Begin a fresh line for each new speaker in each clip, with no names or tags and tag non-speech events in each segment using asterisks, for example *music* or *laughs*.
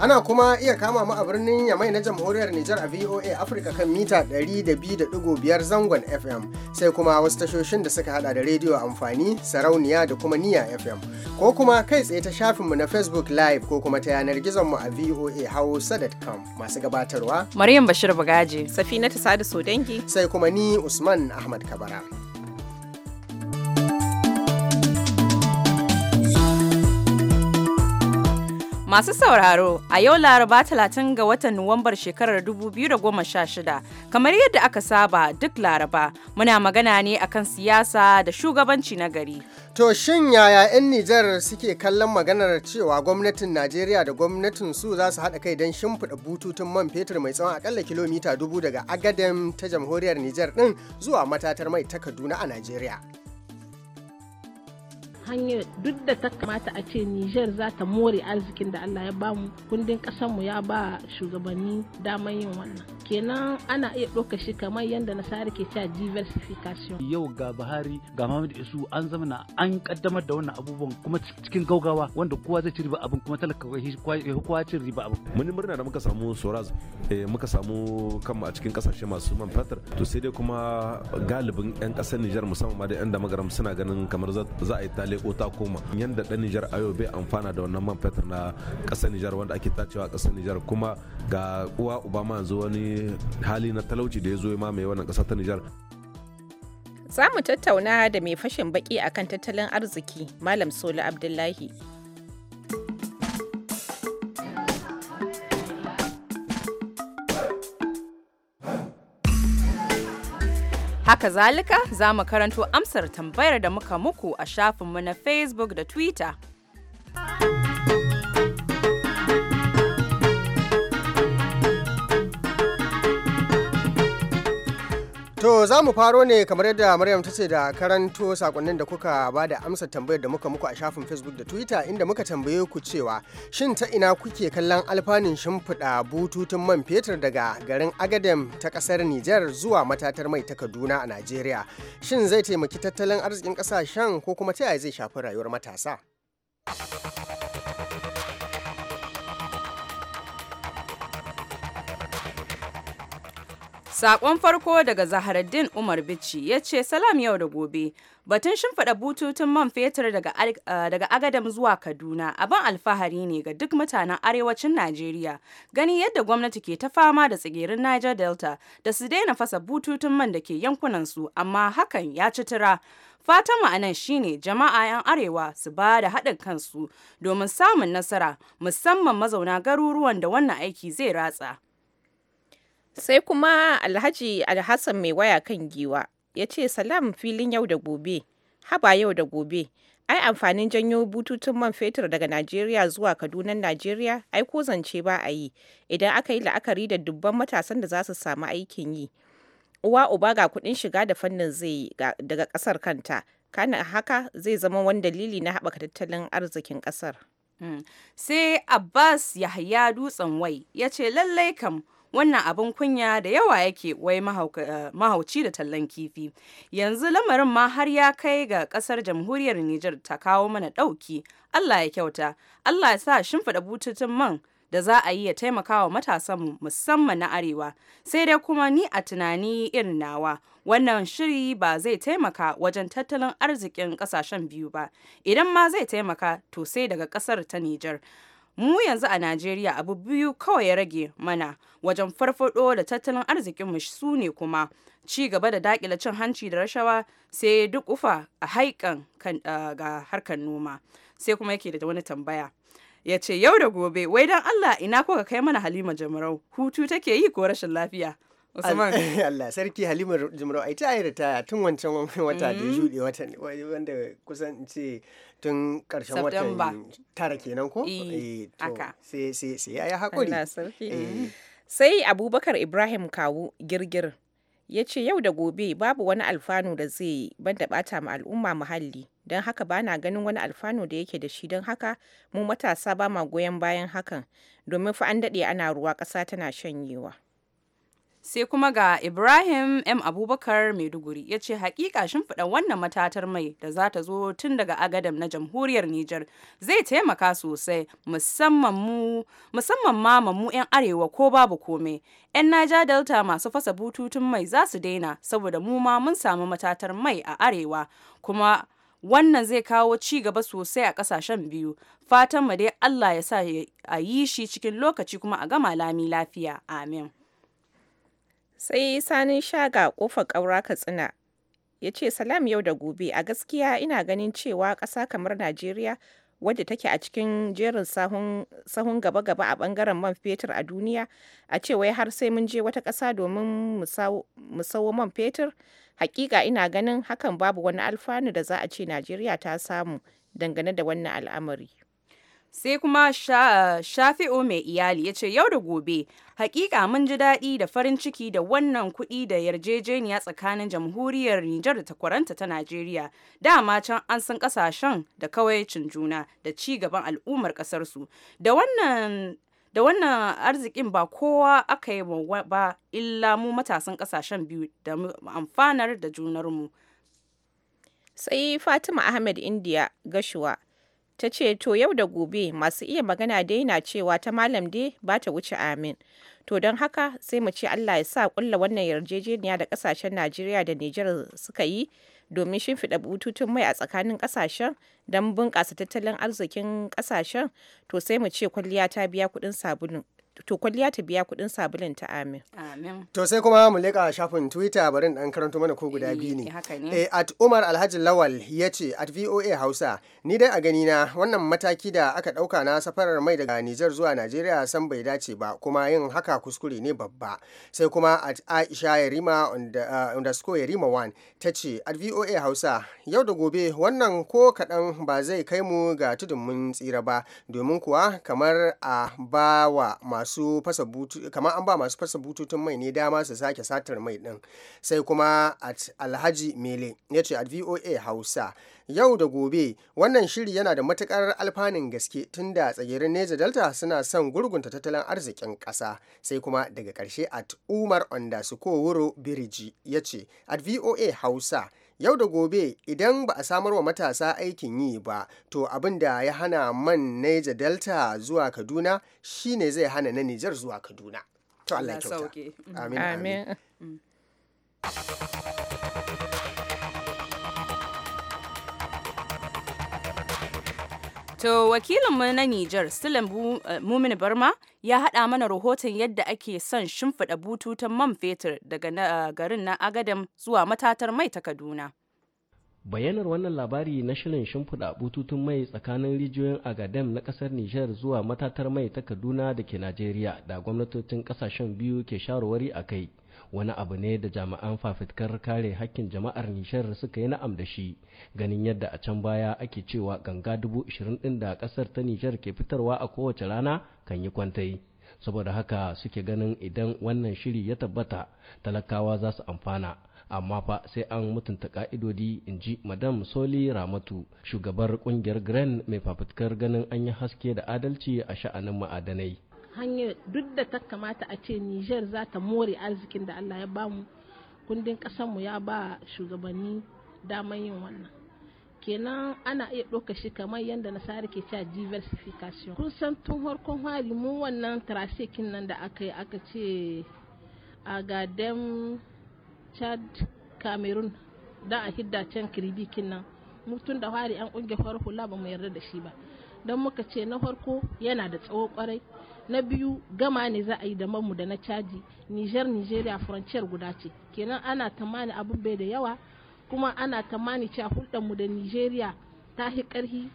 Ana kuma iya kama mu a birnin Yamai na Jamhuriyar Nijar a VOA Afirka kan mita 102.5 zangon FM sai kuma wasu tashoshin da suka hada da rediyo amfani, sarauniya da kuma niya FM. Ko kuma kai tsaye ta shafinmu na Facebook Live ko kuma ta yanar gizonmu a VOA Hausa.com masu gabatarwa.
Maryam Bashir Bagaji, Safina Tasadu Sai kuma ni Usman Ahmad Kabara. Masu sauraro, a yau Laraba 30 ga watan Nuwambar shekarar 2016, kamar yadda aka saba duk Laraba, muna magana ne akan siyasa da shugabanci na gari.
To shin yaya 'yan Nijar suke kallon maganar cewa gwamnatin Najeriya da gwamnatin su za su haɗa kai don shimfiɗa bututun man fetur mai tsawon akalla kilomita dubu daga Agadem ta jamhuriyar Nijar ɗin zuwa matatar mai ta Kaduna a Najeriya.
hanyar duk da ta kamata a ce Nijar za ta more arzikin da Allah ya bamu kundin mu ya ba shugabanni damar yin wannan. Kenan ana iya ɗauka shi kamar yadda Nasara ke cewa diversification.
Yau ga Buhari ga Muhammad Isu an zama na an kaddamar da wannan abubuwan kuma cikin gaugawa
wanda kowa zai ci riba abin kuma talaka kowa cin riba abin. Mun murna da muka samu Soraz eh, muka samu kanmu a cikin kasashe masu man fatar to sai dai kuma galibin 'yan kasar Nijar musamman ma da 'yan damagaram suna ganin kamar za a yi leko ta koma yanda dan Nijar a yau bai amfana da wannan man fetur na kasar Nijar wanda ake tacewa kasar Nijar kuma ga uwa Obama yanzu wani hali na talauci da ya zo ya mamaye wannan kasa ta Nijar
za mu tattauna da mai fashin baki akan tattalin arziki malam solo abdullahi
Haka zalika za mu karanto amsar tambayar da muka muku a shafinmu na Facebook da Twitter.
To za mu faro ne kamar yadda Maryam ta ce da karanto sakonnin da kuka ba da amsa tambayar da muka muku a shafin Facebook da Twitter inda muka tambaye ku cewa shin ta ina kuke kallon alfanin shimfiɗa bututun man fetur daga garin Agadem ta ƙasar Nijar zuwa matatar mai ta Kaduna a Najeriya. Shin zai taimaki tattalin arzikin ƙasashen ko kuma ta yaya zai shafi rayuwar matasa?
Sakon farko daga Zaharaddin Umar Bichi ya ce salam yau da gobe batun shimfiɗa bututun man fetur eh, daga Agadam zuwa Kaduna abin alfahari ne ga duk mutanen arewacin Najeriya gani yadda gwamnati ke ta fama da tsigirin Niger Delta da su daina fasa bututun man da ke yankunansu amma hakan ya ci tura. Fatan ma'anan shi shine jama'a 'yan arewa su ba da haɗin kansu domin samun nasara musamman mazauna garuruwan da wannan aiki zai ratsa.
Sai kuma Alhaji Alhassan mai waya kan giwa ya ce salam filin yau da gobe, haba yau da gobe. Ai amfanin janyo bututun man fetur daga Najeriya zuwa Kadunan Najeriya ai ko zance ba a yi idan aka yi la'akari da dubban matasan da za su samu aikin yi. Uwa uba ga kudin shiga da fannin zai yi daga kasar kanta. Kana haka zai zama wani dalili na haɓaka tattalin arzikin kasar. Mm. Sai Abbas Yahya Dutsen Wai ya ce lallai kam
wannan abin kunya da yawa yake wai eh, mahauci da tallan kifi yanzu lamarin ma har ya kai ga kasar jamhuriyar niger ta kawo mana ɗauki allah ya kyauta allah ya sa shimfiɗa bututun man da za a yi ya taimaka wa matasan musamman na arewa sai dai kuma ni a tunani irin nawa wannan shiri ba zai taimaka wajen tattalin arzikin kasashen biyu ba idan ma zai taimaka to sai daga kasar ta Nijar. mu yanzu a Najeriya abu biyu kawai ya rage mana wajen farfado da tattalin arzikinmu su ne kuma ci gaba da dakila cin hanci da rashawa sai duk ufa a haikan ga harkar noma sai kuma yake da wani tambaya ya ce yau da gobe wai don Allah ina kuka kai mana Halima Jamarau hutu take yi ko rashin lafiya Usman.
*laughs* Allah sarki Halima Jumro ai ta ritaya tun wancan wata da juɗe mm-hmm. wata wanda kusan ce tun karshen watan
tara kenan ko? Eh, eh, sai sai sai ya hakuri. Allah sarki. Eh. Sai Abubakar Ibrahim Kawu girgir ya ce yau da gobe babu wani alfanu da zai yi banda bata ma al'umma muhalli don haka ba na ganin wani alfanu da yake da shi don haka mu matasa ba ma goyon bayan hakan domin fa an daɗe ana ruwa ƙasa tana shanyewa. sai kuma ga ibrahim m abubakar maiduguri ya ce hakika
fida wannan matatar mai da za ta zo tun daga agadam na jamhuriyar niger zai taimaka sosai musamman ma mu 'yan arewa ko babu komai 'yan naja delta masu fasa bututun mai za su daina saboda mu ma mun samu matatar mai a arewa kuma wannan zai kawo ci gaba sosai a kasashen biyu fatan mu dai allah ya sa a yi shi cikin lokaci kuma a gama lami lafiya amin
Sai Sanin Shaga kofa ƙaura Katsina ya ce salam yau da gobe a gaskiya ina ganin cewa ƙasa kamar Najeriya wadda take a cikin jerin sahun gaba-gaba a ɓangaren man fetur a duniya a ce wai har sai mun je wata ƙasa domin mu sawo man fetur hakika ina ganin hakan babu wani alfanu da za a ce najeriya ta samu dangane da wannan al'amari
sai kuma shafi'u mai iyali ya ce yau da gobe hakika mun ji daɗi da farin ciki da wannan kuɗi da yarjejeniya tsakanin jamhuriyar nijar da takwaranta ta najeriya dama can an san ƙasashen da kawaicin juna da ci gaban al'ummar ƙasarsu da wannan da wannan arzikin ba kowa aka
yi ba illa mu matasan ƙasashen biyu da amfanar da junarmu sai fatima ahmed india gashuwa ta ce to yau da gobe masu iya magana dai na cewa ta malam dai ba ta wuce amin to don haka sai mu ce allah ya sa kulla wannan yarjejeniya da kasashen najeriya da nijar suka yi domin shimfiɗa bututun mai a tsakanin kasashen don bunƙasa tattalin arzikin kasashen to sai mu ce kwalliya ta biya kuɗin sabulu to kwalliya ta biya kuɗin sabulin ta amin.
To sai kuma mu leƙa shafin Twitter barin ɗan karanto mana ko guda eh, biyu ne. Eh, at Umar Alhaji Lawal ya ce at VOA Hausa ni dai a gani na wannan mataki da aka ɗauka na safarar mai daga Nijar zuwa Najeriya san bai dace ba kuma yin haka kuskure ne babba. Sai kuma at Aisha Yarima uh, underscore Yarima one ta ce at VOA Hausa yau da gobe wannan ko kaɗan ba zai kai mu ga tudun mun tsira ba domin kuwa kamar a bawa masu masu fasa butu kamar an ba masu fasa bututun mai ne dama su sake satar mai din sai kuma at alhaji mele ya ce at voa hausa yau da gobe wannan shiri yana da matukar alfanun gaske tunda tsagirin neja delta suna son gurgunta tattalin arzikin kasa sai kuma daga karshe at umar ko wuro biriji ya ce at voa hausa yau da gobe idan ba a samar wa matasa aikin yi ba to abin da ya hana man neja Delta zuwa Kaduna shi ne zai hana na Nijar zuwa Kaduna to Allah
kyauta amin amin mm.
To wakilinmu na Nijar, Sulan eh, Mumin Barma, ya haɗa mana rahoton yadda ake son shimfiɗa bututun man fetur daga eh, garin na Agadam zuwa matatar mai ta Kaduna.
Bayanar wannan labari na shirin shimfiɗa bututun mai tsakanin rijiyoyin Agadam na ƙasar Nijar zuwa matatar mai ta Kaduna da ke Najeriya da gwamnatocin ƙasashen biyu ke shawarwari a kai. wani abu ne da jami'an fafitkar kare hakkin jama'ar nishar suka yi na'am da shi ganin yadda a can baya ake cewa ganga dubu ishirin ɗin da ƙasar ta nishar ke fitarwa a kowace rana kan yi kwantai saboda haka suke ganin idan wannan shiri ya tabbata talakawa za su amfana amma fa sai an mutunta ka'idodi in ji madam soli ramatu shugabar kungiyar grand mai fafutukar ganin an yi haske da adalci a sha'anin ma'adanai
hanyar duk da ta kamata a ce Nijar za ta more arzikin da Allah ya bamu kundin mu ya ba shugabanni damar yin wannan kenan ana iya ɗauka shi kamar yadda nasara ke cewa diversification kun san tun harkon hali mu wannan trafikin nan da aka yi aka ce a gadem chad cameroon da a hidda can kiribikin nan mutum da hari an ƙungiyar farar hula ba mu yarda da shi ba don muka ce na farko yana da tsawo kwarai na biyu gama ne za a yi da mu da na caji niger nigeria furanciyar guda ce kenan ana tamani abin bai da yawa kuma ana tamani cewa mu da nigeria ta hi ƙarfi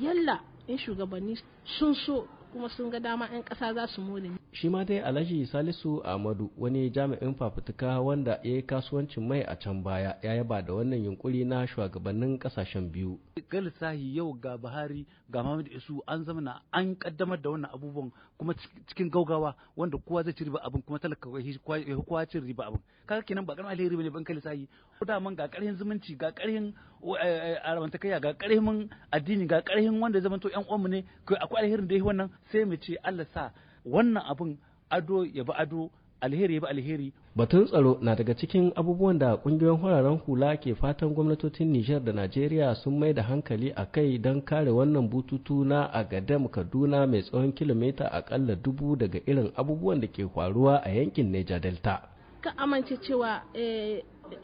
yalla in shugabanni sun so kuma sun ga dama 'yan ƙasa za su more
shi ma dai alhaji salisu amadu wani jami'in fafutuka wanda ya yi kasuwancin mai a can baya ya yaba da wannan yunkuri
na shugabannin kasashen biyu ga lissahi yau ga buhari ga mamadu isu an zama na an kaddamar da wannan abubuwan kuma cikin gaugawa wanda kowa zai ci riba abin kuma talaka ya kowa cin riba abin kaga kenan ba karamin alheri bane ban kai lissafi da man ga karhin zumunci ga karhin eh, eh, arabantakaya ga karhin addini ga karhin wanda zaman to yan uwanmu ne akwai alherin da yi wannan sai mu ce Allah sa wannan abin ado ya bi ado alheri ba alheri
batun tsaro na daga cikin abubuwan da kungiyoyin hararen hula ke fatan gwamnatocin nijar da najeriya sun mai da hankali a kai don kare wannan bututu na agadem kaduna mai tsawon kilomita akalla dubu daga irin abubuwan da ke faruwa a yankin neja delta
ka amince cewa yan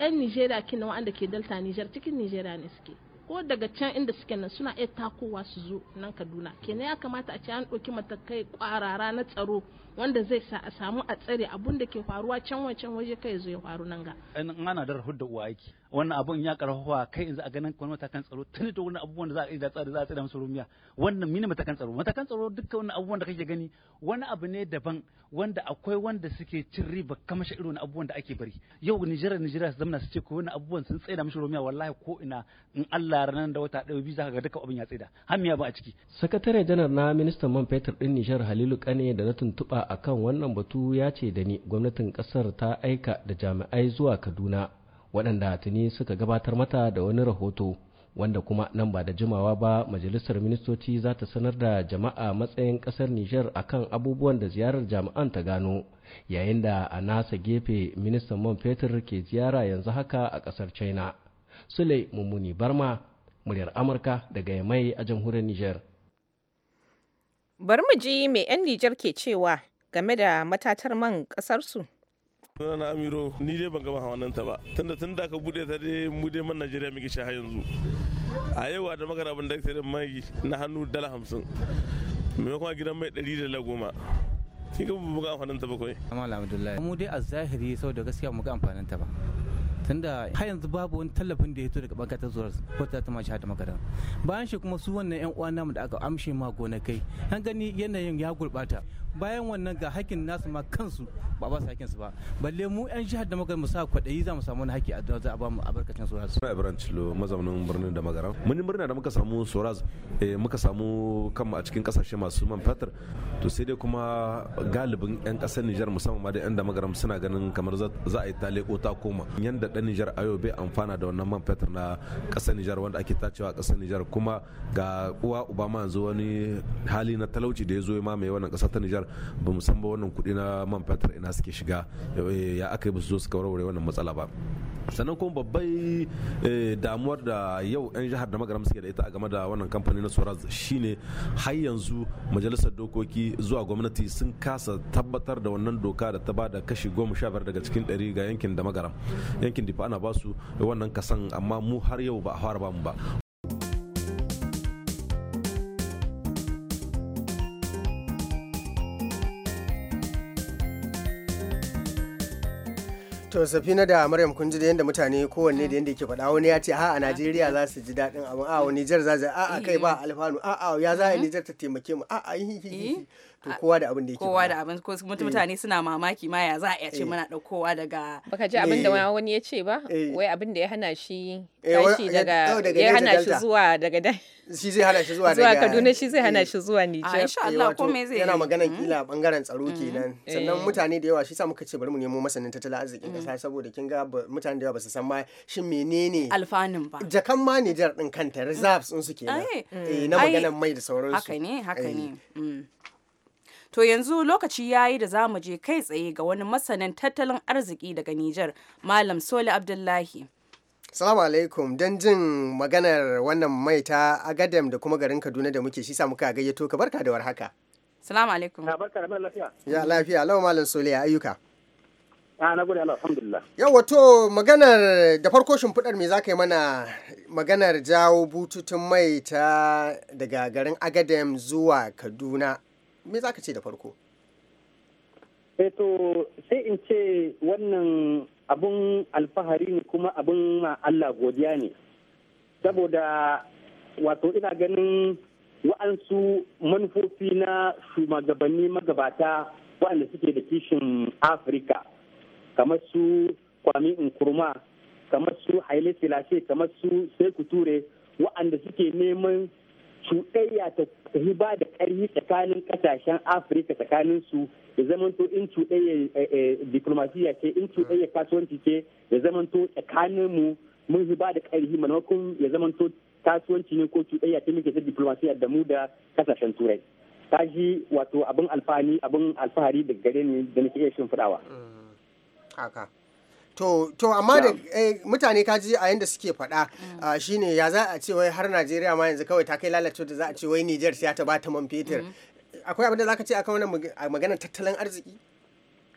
eh, nijeriya kina wa'anda ke delta nijar cikin nijeriya ne suke ko daga can inda suke nan suna iya takowa su zo nan kaduna kenan ya kamata a ce an ɗauki matakai ƙwarara na tsaro wanda zai sa a samu a tsare abun da ke faruwa can wancan waje kai zo faru nan ga
in ana da rahud da uwa aiki wannan abun ya karfafa kai in za a ganin kuma matakan tsaro tun da wani abubuwan da za a yi da tsare za a tsare musu rumiya wannan mini matakan tsaro matakan tsaro dukkan wannan abubuwan da kake gani wani abu ne daban wanda akwai wanda suke cin riba kamar shi irin abubuwan da ake bari yau Nijeriya Nijeriya su zamana su ce ko wani abubuwan sun tsaya musu rumiya wallahi ko ina in Allah ranar da wata ɗaya biyu za ka ga dukkan abin ya har miya ba a ciki
sakatare janar na ministan man fetur din Nijar Halilu Kane da na tuntuɓa a kan wannan batu ya ce da ni gwamnatin ƙasar ta aika da jami'ai zuwa kaduna waɗanda tuni suka gabatar mata da wani rahoto wanda kuma nan ba da jimawa ba majalisar ministoci za ta sanar da jama'a matsayin ƙasar nijar kan abubuwan da ziyarar jami'an ta gano yayin da a nasa gefe ministan man fetur ke ziyara yanzu haka a ƙasar china sule mummuni barma muryar amurka daga mai a jamhuriyar nijar
bari mu ji mai 'yan Nijar ke cewa game da matatar man ƙasarsu?
suna na amiro ni dai ban gama hawanan ta ba tunda tun da aka bude ta dai mu dai man najeriya muke sha yanzu a yau da ban da ake mai na hannu dala hamsin me kuma gidan mai ɗari da goma Kika ga mu ga amfanin ta bakwai amma alhamdulillah
mu dai a zahiri sau da gaskiya mu ga amfanin ta ba tunda har yanzu babu wani tallafin da ya fito daga bankatar zuwa wata ta mashi hada makaranta bayan shi kuma su wannan yan uwa namu da aka amshe ma gonakai an gani yanayin ya gurbata bayan wannan ga hakkin nasu ma kansu ba ba su hakkin su ba balle mu yan jihar da magana mu sa kwaɗayi za mu samu wani hakki a za a ba mu albarkacin suraz
na ibrahim cilo mazaunin birnin da magara. mun murna da muka samu suraz eh, muka samu kanmu a cikin kasashe masu man fetur to sai dai kuma galibin yan kasar Nijar musamman ma da yan da magaram suna ganin kamar za a yi ta leko ta koma yanda dan Nijar ayo bai amfana da wannan man fetur na kasar Nijar wanda ake tacewa a kasar Nijar kuma ga uwa Obama yanzu wani hali na talauci da ya zo ya mamaye wannan kasar ta Nijar ba mu san ba wannan kuɗi na man fetur ina suke shiga eh, ya aka yi ba su zo suka warware wannan matsala ba sannan kuma babbai eh, damuwar da yau 'yan jihar da magaram suke da ita a game da wannan kamfani na soraz shine har yanzu majalisar dokoki zuwa gwamnati sun kasa tabbatar da wannan doka da ta ba da kashi goma sha biyar daga cikin ɗari ga yankin da magaram aikin difa ana basu da wannan kasan amma mu har yau ba a fara bamu ba
to safina da maryam kun ji da yadda mutane kowanne da yadda yake faɗa wani ya ce ha a najeriya za su ji daɗin abin a nijar za a kai ba eh. alfanu a ya za a mm-hmm. nijar ta
taimake mu a a yi to kowa da abin da yake kowa da abin ko eh. mutane suna mamaki ma ya za
a ce eh. muna kowa daga baka ji abin da eh. wani ya ce ba wai abin da ya hana shi tashi oh, daga ya hana shi zuwa daga shi zai hana shi *laughs* zuwa daga Kaduna shi zai hana shi
zuwa Nijar ah, insha Allah ko me zai yana maganan mm. kila bangaren tsaro mm. kenan sannan mutane da yawa shi sa muka ce bari mu nemo masanin tattalin arzikin kasa mm. saboda kin ga mutane da yawa ba su san ma shi menene
alfanun ba
jakan ma Nijar din kanta reserves din su kenan eh na maganan mai da sauransu haka ne
haka ne To yanzu lokaci ya yi da zamu je kai tsaye ga wani masanin tattalin arziki daga Nijar, Malam Sole Abdullahi. Salamu alaikum
don jin maganar wannan mai ta Agadem da kuma garin Kaduna da muke shi sa muka gayyato ka barka da warhaka.
Salamu alaikum. ya barka da lafiya. Ya
lafiya, lau Malam Sole ayyuka.
Ah, na gode Allah alhamdulillah.
Yau wato maganar da farko shimfiɗar me za ka yi mana maganar jawo bututun mai ta daga garin Agadem zuwa Kaduna me za ka ce da farko
eto eh, sai in ce wannan abun alfahari ne kuma abun ma Allah godiya ne saboda wato ina ganin wa'ansu manufofi na shugabanni magabata waɗanda suke da kishin afirka kamar su kwami nkuruma kamar su haile silashe kamar su sai ture waɗanda suke neman cuɗayya ta riba da ƙarfi tsakanin ƙasashen afirka tsakanin su ya zamanto in cuɗayya eh, eh, diplomasiya ce in cuɗayya kasuwanci ce ya zamanto tsakanin mu mun riba da ƙarfi maimakon ya zamanto kasuwanci ne ko cuɗayya ce muke ta diplomasiya da mu da ƙasashen turai ji wato abin alfani abin alfahari da gare ni da nake iya shimfiɗawa. Mm. Haka. To, to amma da
eh, mutane ka ji a yanda suke faɗa mm. ah, shine ya za a ce wai har Najeriya ma yanzu kawai ta kai lalace da za a ce wai Niger sai ta ba ta man fetur. Mm-hmm. Akwai abin da za ka ce akan wannan maganar tattalin arziki?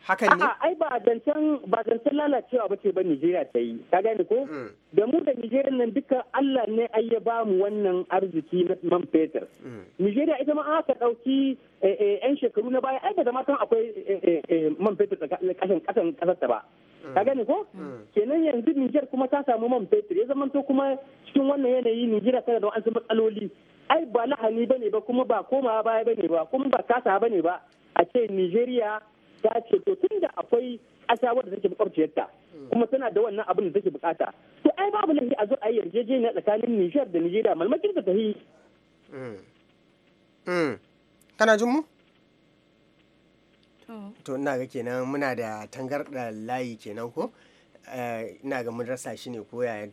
hakan ne? ai
ba zancen ba zancen lalacewa ba ce ba Nijeriya ta yi. Ka gane ko? Mm. Da mu da Nijeriya nan duka Allah ne ai ya ba mu wannan arziki na man fetur. Mm. Nijeriya ita ma aka ɗauki yan eh, eh, shekaru na baya ai ba da kan akwai man fetur kasan kasar ta ba. ka gani ko mm. Mm. kenan yanzu Niger kuma ta samu man fetur ya zamanto kuma cikin wannan yanayi Niger ta da wasu matsaloli ai ba lahani bane ba kuma ba komawa baya bane ba kuma ba kasa bane ba a ce Nigeria ta ce to tun da akwai ƙasa wadda take makwabciyarta mm. kuma tana da wannan abin da take bukata to ai babu lahi a zo a yi yarjejeniya tsakanin Niger da Nigeria malmakin da ta yi
kana jin to ina ga kenan muna da tangar da layi kenan ko eh, ina ga mun rasa shi ne ko yaya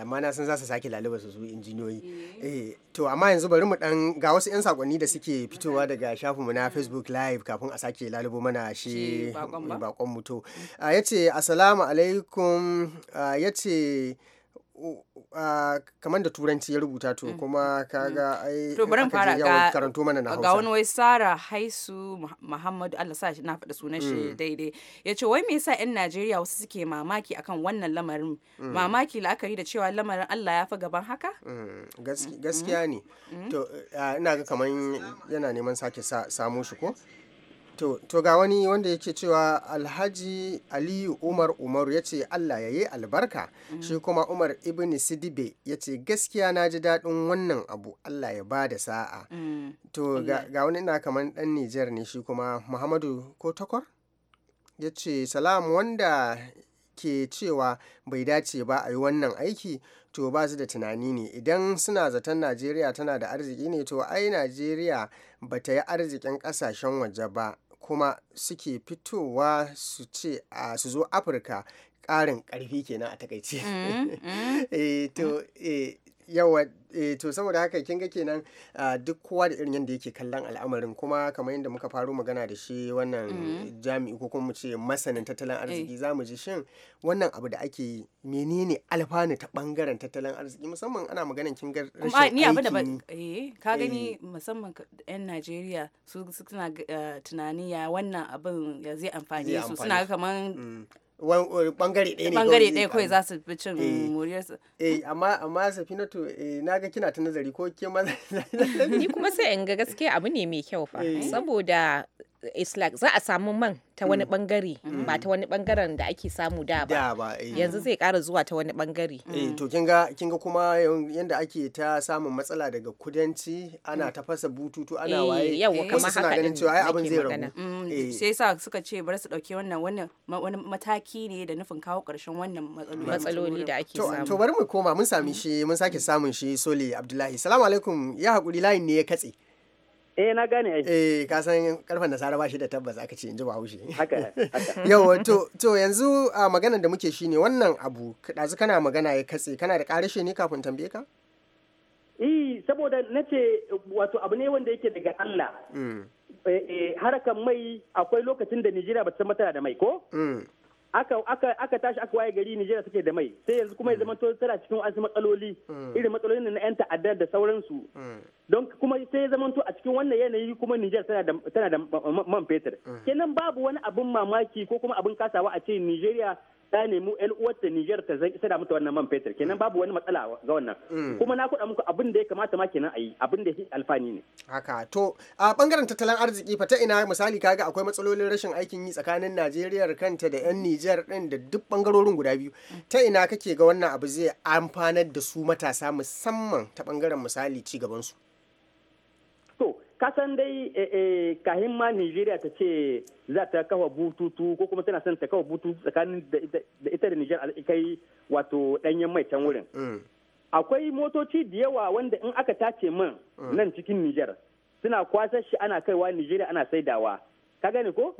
amma na san za su sake laluba su su injiniyoyi eh, eh to amma yanzu bari mu dan ga wasu yan sakonni da suke fitowa daga shafin mu na Facebook live kafin a sake lalubo mana shi bakon mu to ah, yace assalamu alaikum ah, yace kamar da turanci ya rubuta to mm, kuma mm, kaga mm. ai to bari fara ga karanto mana na Hausa ga wani wai
Sara Haisu Muhammadu Allah sa shi na faɗa sunan shi daidai yace wai me yasa yan Najeriya wasu suke mamaki akan wannan lamarin mamaki la'akari da cewa lamarin Allah ya fi gaban haka
gaskiya ne to ina ga kamar yana neman sake samo shi ko To, to ga wani wanda yake cewa Alhaji Aliyu Umar Umar ya ce Allah ya yi albarka, mm. shi kuma Umar Ibn Sidibe ya ce gaskiya na ji daɗin wannan abu Allah ya ba da sa'a. Mm. To, ga, wani ina kamar ɗan Nijar ne shi kuma Muhammadu ko takwar? Ya ce, Salam wanda ke cewa bai dace ba a yi wannan aiki to ba su da tunani ne idan suna zaton najeriya tana da arziki ne to ai najeriya ba ta yi arzikin kasashen waje ba kuma suke fitowa su ce su zo afirka ƙarin ƙarfi kenan a takaice mm, mm. *laughs* Eh, eh, yawa e, eh to saboda haka kin ga kenan duk kowa da irin yadda yake kallon al'amarin kuma kamar yadda muka faro magana da shi wannan mm-hmm. jami'i ko kuma mu ce masanin tattalin eh. arziki za mu ji shin wannan abu da ake yi menene alfanu ta bangaren tattalin arziki musamman ana maganan kin ga rashin aiki ni abin da ba
eh ka gani eh. musamman yan Najeriya su suna tunani ya wannan abin ya zai amfane su suna
kamar mm. bangare ɗaya ne bangare ɗaya kawai za
su fi cin eh. muryarsu eh
amma amma safinatu eh, na ga kina ta nazari ko ke ma
*laughs* ni kuma sai in ga gaskiya abu ne mai kyau fa eh. saboda it's za a samu man ta wani mm. bangare mm. ba ta wani bangaren da ake samu da ba eh. yanzu zai kara zuwa ta wani bangare eh, to kin ga
kuma yadda ake ta samun matsala daga kudanci ana mm. ta fasa bututu ana eh, waye yawa suna haka ganin cewa ai abin zai ragu sai
sa suka ce bar su dauke wannan wannan wani mataki ne da nufin kawo karshen wannan matsaloli da ake samu to bari
mu koma mun sami shi mun sake samun shi Soli Abdullahi salamu alaikum ya hakuri layin ne ya katse Eh na gane ai. Eh ka san nasara ba shi da tabbas aka ce inji Bahaushe. Haka haka. *laughs* Yau to to yanzu a magana da muke shine wannan abu dazu kana magana ya katse kana da karashe ne kafin tambaye ka?
Eh saboda nace wato abu ne wanda yake daga
Allah. Mm.
Eh, eh, harakan mai akwai lokacin da Nigeria ba ta san da mai ko? Mm. aka aka aka tashi aka waye gari Nijar take da mai sai yanzu kuma ya mm. zama tana cikin wasu matsaloli mm. irin matsalolin na yan ta'adda da sauransu mm. don kuma sai ya zama to a cikin wannan yanayi kuma Nijar tana da tana da man fetur kenan babu wani abin mamaki ko kuma abin kasawa a ce Nijeriya ta nemi yan uwarta Niger ta zan mata wannan man fetur kenan babu wani matsala ga wannan mm. kuma na kuɗa muku abin da ya kamata ma kenan ayi abin da alfani ne
haka to a bangaren tattalin arziki fa ta ina misali kaga akwai matsalolin rashin aikin yi tsakanin Najeriya kanta da yan Niger din da duk bangarorin guda biyu ta ina kake ga wannan abu zai amfanar da su matasa musamman ta bangaren misali ci gaban su
kasan dai eh, eh, ka ma nigeria ta ce za ta kafa bututu ko kuma tana son ta kafa bututu tsakanin da ita da niger kai wato danyen mai can wurin eh. akwai motoci da yawa wanda in aka tace man nan cikin niger suna kwasar shi ana kaiwa nigeria ana saidawa ka gani ko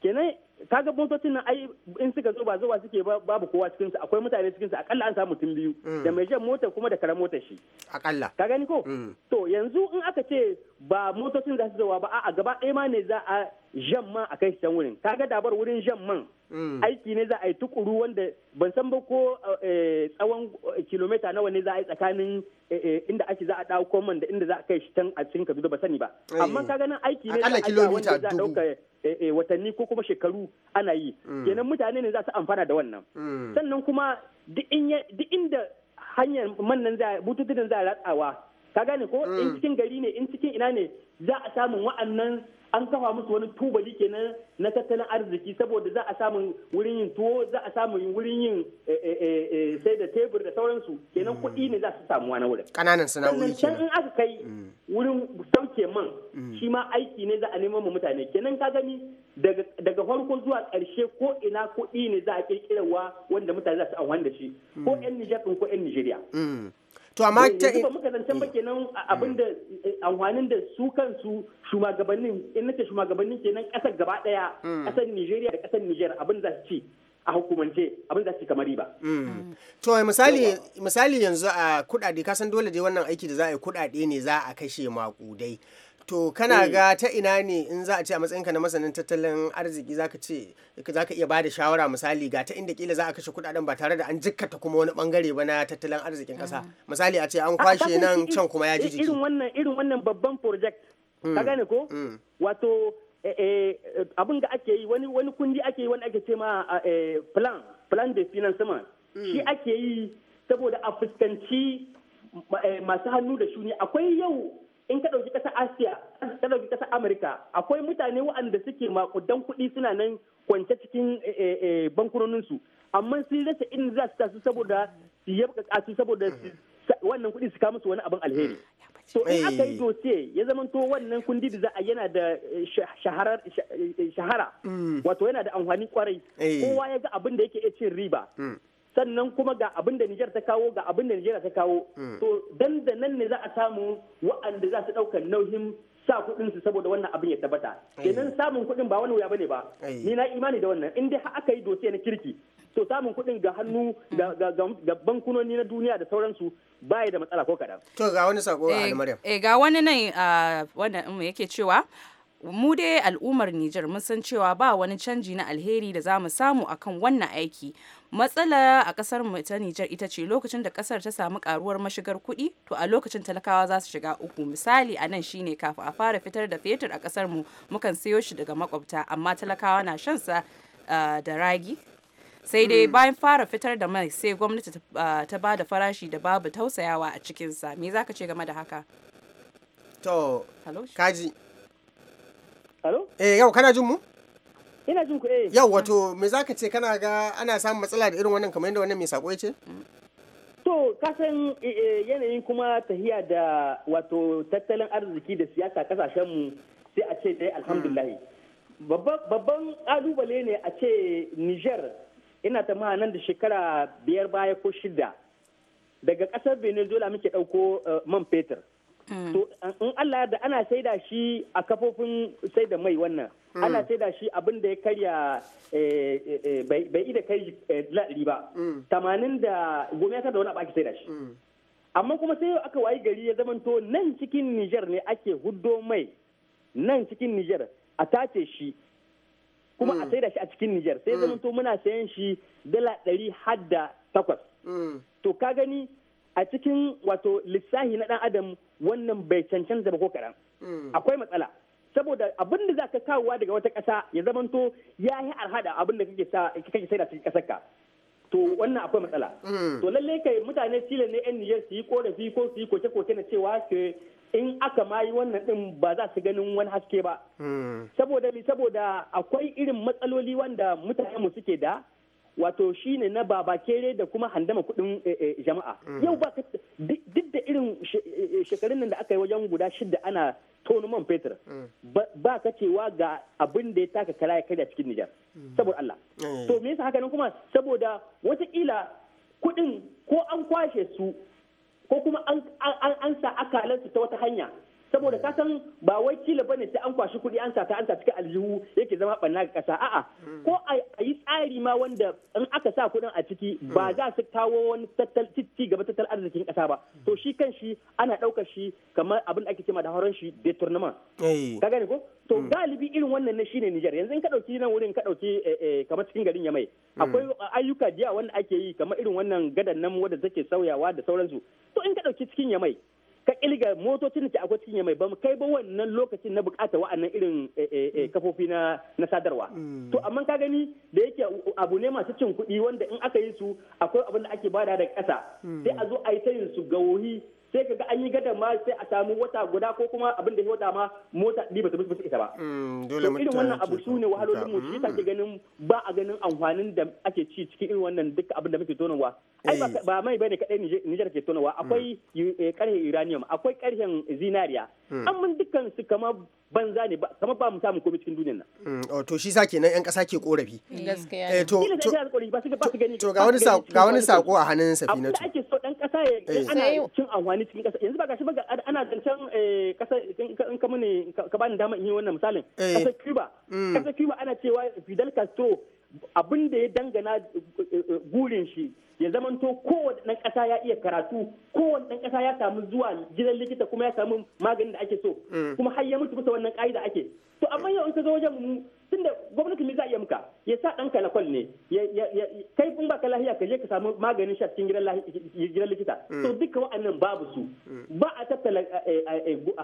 kenan kaga motocin nan ai in suka zo ba zuwa suke babu kowa cikin su akwai mutane cikin su akalla an samu mutum biyu mm. da mai jan mota kuma da karam motar shi akalla ka gani ko mm. to yanzu in aka ce ba motocin za su zo ba a gaba ɗaya ma ne za a jan ma a kai can wurin kaga dabar wurin jan man Mm. aiki ne za a yi tukuru wanda ban san ba ko eh, tsawon eh, kilomita nawa ne za a yi tsakanin eh, inda ake za a dawo komon da inda za a kai shi can a cikin kaduna ba sani ba amma ka ganin aiki ne za a za a dauka watanni ko kuma shekaru ana yi mm. kenan mutane ne za su amfana da wannan
mm. sannan
kuma duk inda hanyar mannan za bututun za a ratsawa ka gane ko in cikin gari ne in cikin ina ne za a samu wa'annan an kafa musu wani tubali kenan na tattalin arziki saboda za a samu wurin yin tuwo za a samu wurin yin eh, eh, eh, sai da tebur da sauransu kenan mm. kuɗi ne za su samu wani wurin
kananan sana'o'i kenan
in aka kai mm. wurin sauke man mm. shi ma aiki ne za a neman mu mutane kenan ka gani daga farko zuwa ƙarshe ko ina kuɗi ne za a kirkirawa wanda mutane za su amfani da shi ko 'yan Nijar ko 'yan Nijeriya
to amma ta yi muka
zancen ba kenan abin da eh, amfanin da su kansu shugabannin in nake shugabannin kenan kasar gaba daya kasar mm. Nigeria da kasar Niger abin da su ci a hukumance abin da su ci kamar riba. Mm. To misali misali
yanzu a kudade kasan dole dai wannan aiki da za a yi kudade ne za a kashe makudai. To kana eh. ga ta ina ne in za a ce a matsayinka na masanin tattalin arziki zaka ce zaka iya bada shawara misali ga ta inda kila za a kashe kudaden ba tare da an jikkata kuma wani bangare ba na tattalin arzikin kasa. Ah.
Misali a ce an kwashe nan can kuma ya ji jiki. Irin wannan irin wannan babban project. Ka hmm. gane ko? Hmm. Wato eh, eh, abin da ake yi wani wani kundi ake yi wani ake ce ma plan plan de financement. Hmm. Shi ake yi saboda a fuskanci masu hannu da shuni akwai yau in ka ɗauki ƙasar asiya ka ɗauki ƙasar amurka akwai mutane waɗanda suke makudan kuɗi suna nan kwance cikin eh, eh, eh, bankunoninsu amma sun rasa in za su tasu saboda su yabka kasu saboda wannan kuɗi su kama su wani abin alheri to in hmm. aka yi dosiye ya zama to wannan kundi da za a yana da shahara hmm. wato yana da amfani kwarai kowa ya ga abin da yake iya cin riba hmm. sannan kuma ga abin da Nijar ta kawo ga abin da Nijeriya ta kawo mm. to dan da nan ne za a samu wa'anda za su ɗaukar nauyin sa kuɗin su saboda wannan abin ya tabbata kenan samun kuɗin ba wani wuya bane ba ni na imani da wannan in dai aka yi dosiye na kirki to samun kuɗin ga hannu ga bankunoni na duniya da sauransu baya da matsala ko kaɗan. to ga wani sako
a almaryam
eh, eh ga wani nan ah, wanda yake cewa mu dai al'ummar Nijar mun san cewa ba wani canji na alheri da za mu samu akan wannan aiki. Matsala a kasar mu ta Nijar ita ce lokacin da kasar ta samu karuwar mashigar kuɗi to a lokacin talakawa za su shiga uku. Misali a nan shine kafin a fara fitar da fetur a kasar mu mukan sayo shi daga makwabta amma talakawa na shan sa da ragi sai dai mm. bayan fara fitar da mai sai gwamnati ta ba da farashi da babu tausayawa a cikinsa me za ka ce game da haka
to kaji Alo? Eh yau kana jin mu? Ina jin ku eh. Yau wato me zaka ce kana ga ana samun matsala da irin
wannan kamar yadda wannan mai sako ya ce? To kasan eh, eh, yanayin kuma tahiya da wato tattalin arziki da siyasa kasashen mu sai a ce dai hmm. alhamdulillah. Babban ƙalubale ne a ce Niger ina ta nan da shekara biyar baya ko shida daga ƙasar Venezuela muke ɗauko eh, man fetur. Mm. to in Allah da ana saida shi a kafofin saida mai wannan mm. ana saida shi abin da ya karya eh, eh, eh, bai ida kai ladi ba mm. tamanin da goma ya da wani baki saida shi amma kuma sai aka wayi gari ya zamanto nan cikin Niger ne ake huddo mai nan cikin Niger a tace shi kuma a saida shi a cikin Niger sai zamanto muna sayan shi dala ɗari har da takwas to ka gani a cikin wato lissahi na dan adam wannan bai cancanta ba ko kaɗan mm. akwai matsala saboda abin da za ka kawowa daga wata ƙasa ya zamanto ya yi arhada abin da kake sai da cikin ƙasar ka to wannan akwai matsala mm. to lallai kai mutane sila ne yan niyyar su yi korafi ko su yi koke-koke na cewa ke in aka ma yi wannan din ba za su ganin wani haske ba mm. saboda saboda akwai irin matsaloli wanda mutane mu suke da wato shine na baba babakere da kuma handama kuɗin eh, eh, jama'a mm. yau ba duk da irin eh, shekarun nan da aka yi wajen guda shida ana tono man fetur mm. ba ka cewa ga abin da ya taka kara ya karya cikin nijar mm. saboda Allah to me yasa haka nan kuma saboda watakila kuɗin ko an kwashe su ko kuma an sa akalansu ta wata hanya saboda ka san ba wai kila bane sai an kwashi kuɗi an sata an cika aljihu yake zama banna ga kasa a'a ko a yi tsari ma wanda in aka sa kuɗin a ciki ba za su kawo wani tattal gaba tattal arzikin kasa ba to shi kan shi ana ɗaukar shi kamar abin da ake cewa da horon shi detournement eh. ka gane ko to mm. galibi irin wannan ne shine Niger yanzu in ka dauki nan wurin ka dauki eh, eh, kamar cikin garin Yamai mm. akwai ayyuka jiya wanda ake yi kamar irin wannan gadan nan wanda take sauyawa da sauransu to in ka dauki cikin Yamai ka kirga motocin da ke akwai cikin mai bamu kai ba wannan lokacin na bukata wa'annan irin eh, eh, eh, mm. kafofi na sadarwa mm. to amma ka gani da yake abu ne masu cin kuɗi wanda in aka yi su akwai abin da ake bada da ƙasa mm. sai a zo a yi yin su gawohi sai ka ga an yi gadan ma sai a samu wata guda ko kuma abin da ya wata ma mota ɗi ba su bisa ita ba.
Mm, dole irin wannan
abu su ne wahalolin mu shi ke ganin ba a ganin amfanin da ake ci cikin irin wannan duka abin da muke tonawa. Ai eh. ba mai bane kaɗai Nijar ke tonawa mm. akwai eh, ƙarhen uranium akwai ƙarhen zinariya. mun mm. dukkan su kama banza ne kama ba mu samu komai cikin duniyar
nan. Oh, to shi sa kenan 'yan ƙasa ke korafi. Eh, gaskiya. To
to ga wani sako a
hannun Safinatu. Abin da
ake so ɗan ƙasa ya ana cin amfani mutane cikin kasa yanzu ba gashi ba ana zancen kasa eh, in ka mune ka bani dama in yi wannan misalin eh. ƙasar Cuba mm. Cuba ana cewa Fidel Castro abin da ya dangana eh, gurin shi ya zamanto kowane ɗan ƙasa ya iya karatu kowane ɗan ƙasa ya samu zuwa gidan likita kuma ya samu maganin da ake so mm. kuma har ya mutu bisa wannan ƙa'ida ake to amma yau in ka zo wajen mu tunda gwamnati me za iya muka ya sa ɗanka na kwal ne kai in baka lahiya ka je ka samu maganin sha cikin gidan likita mm. to duka wa'annan babu su mm. ba a tattala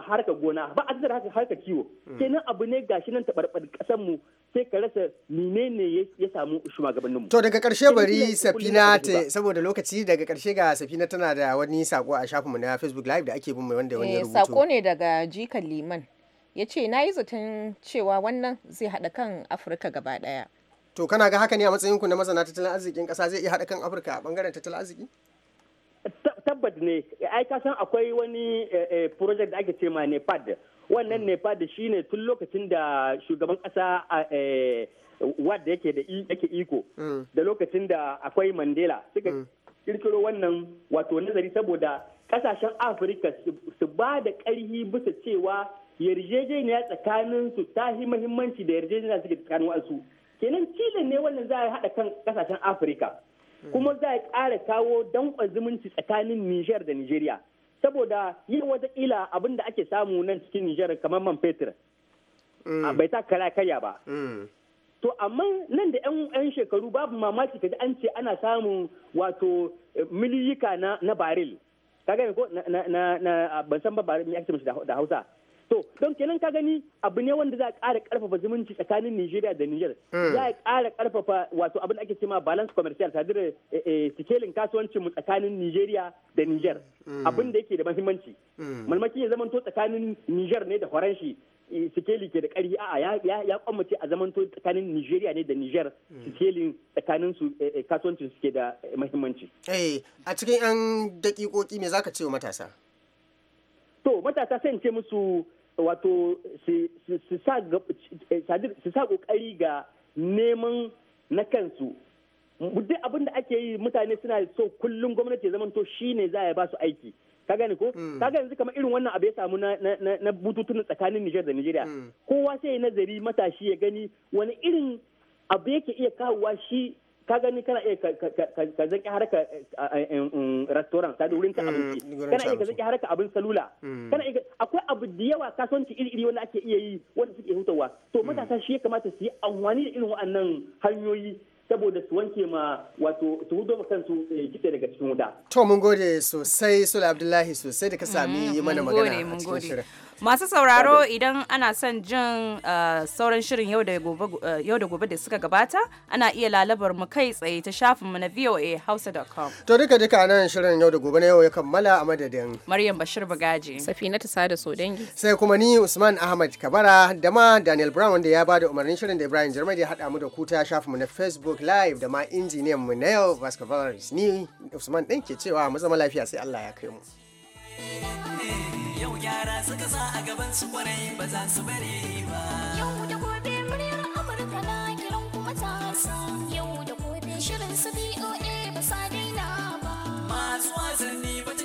harka gona ba a tattala harka kiwo mm. kenan abu ne gashi nan taɓarɓar ƙasar mu sai ka rasa menene ya samu shugabannin mu to daga karshe bari
safina saboda lokaci daga karshe ga safina tana da wani sako a shafinmu na facebook live da ake bin mai wanda wani eh, rubutu sako ne
daga jikan liman ya ce na yi zaton cewa wannan zai hada kan afirka gaba daya. to kana ga haka ne
a matsayin ku na masana tattalin arzikin kasa zai iya hada kan afirka a bangaren tattalin arziki tabbat
ne ai ka san akwai wani eh, eh, project da ake ce ma nepad wannan mm. nepad shine tun lokacin da shugaban kasa eh, wadda yake da yake iko mm. da lokacin da akwai mandela suka kirkiro mm. wannan wato nazari saboda kasashen afirka su ba da karhi bisa cewa yarjejeniya tsakanin su ta yi mahimmanci da yarjejeniya suke tsakanin wasu kenan cile ne wannan za a haɗa kan kasashen afirka kuma za a ƙara kawo danƙon zumunci tsakanin nijar da nijeriya saboda yi ila abin da ake samu nan cikin nijar kamar man fetur mm. bai ta kara karya ba mm. to amma nan da 'yan shekaru babu mamaki kaji an ce ana samun wato eh, miliyika na baril kaga ko na ban san ba baril da hausa to don kenan ka gani abu ne wanda za a ƙara ƙarfafa zumunci tsakanin Nigeria da Niger eh. za a ƙara ƙarfafa wato abin da ake cewa balance commercial ta dire eh, eh, sikelin kasuwancin mu tsakanin Nigeria da Niger hmm. abin da yake da muhimmanci mulmaki hmm. ya zamanto tsakanin Niger ne da Faranshi sikeli ke da ƙarfi a'a ya ya kwamace a zamanto tsakanin Nigeria ne da Niger hmm. sikelin tsakanin su kasuwancin suke da mahimmanci. a cikin 'yan dakikoki me zaka ce wa matasa to matasa sai ce musu wato su sa kokari eh, ga neman na kansu duk abin da ake yi mutane suna so kullum gwamnati zaman to shine za a ba su aiki ka gani ko mm. ka gani kamar irin wannan abu ya samu na na tsakanin Niger da Nigeria mm. kowa sai ya nazari matashi ya gani wani irin abu yake iya kawowa shi ka gani kana iya ka zaki harka eh, eh, mm, mm, restaurant ta mm, wurin ta abinci kana iya ka zaki ka abin salula kana iya akwai abu da yawa kasuwanci iri iri wanda ake iya yi wanda suke hutawa to matasa shi ya kamata su yi amfani da irin waɗannan hanyoyi saboda su wanke ma wato su hudo ma kansu eh, kitse daga cikin wuta.
To mun gode sosai Sula
Abdullahi sosai da ka sami mana magana a cikin shirin. Masu sauraro idan ana son jin uh, sauran shirin uh, yau da gobe da suka gabata ana iya lalabar mu kai tsaye ta shafin mu na hausacom
To duka duka nan shirin yau da gobe na yau ya kammala a madadin.
Maryam Bashir Bagaji. Safina ta sada so dangi.
Sai kuma ni Usman Ahmad Kabara da ma Daniel Brown wanda ya bada umarnin shirin da Ibrahim Jarmai ya haɗa mu da kuta shafin mu na Facebook Live da ma injiniyan mu na yau Vasco Valeris ni Usman ɗin ke cewa mu zama lafiya sai Allah
ya kai mu. Yau gyara suka sa a gaban su kwarai ba za su bari ba. Yau da gobe muryar Amurka na kiran kuma ta Yau da gobe shirin su BOA ba sa daina ba. Masu wasanni
ba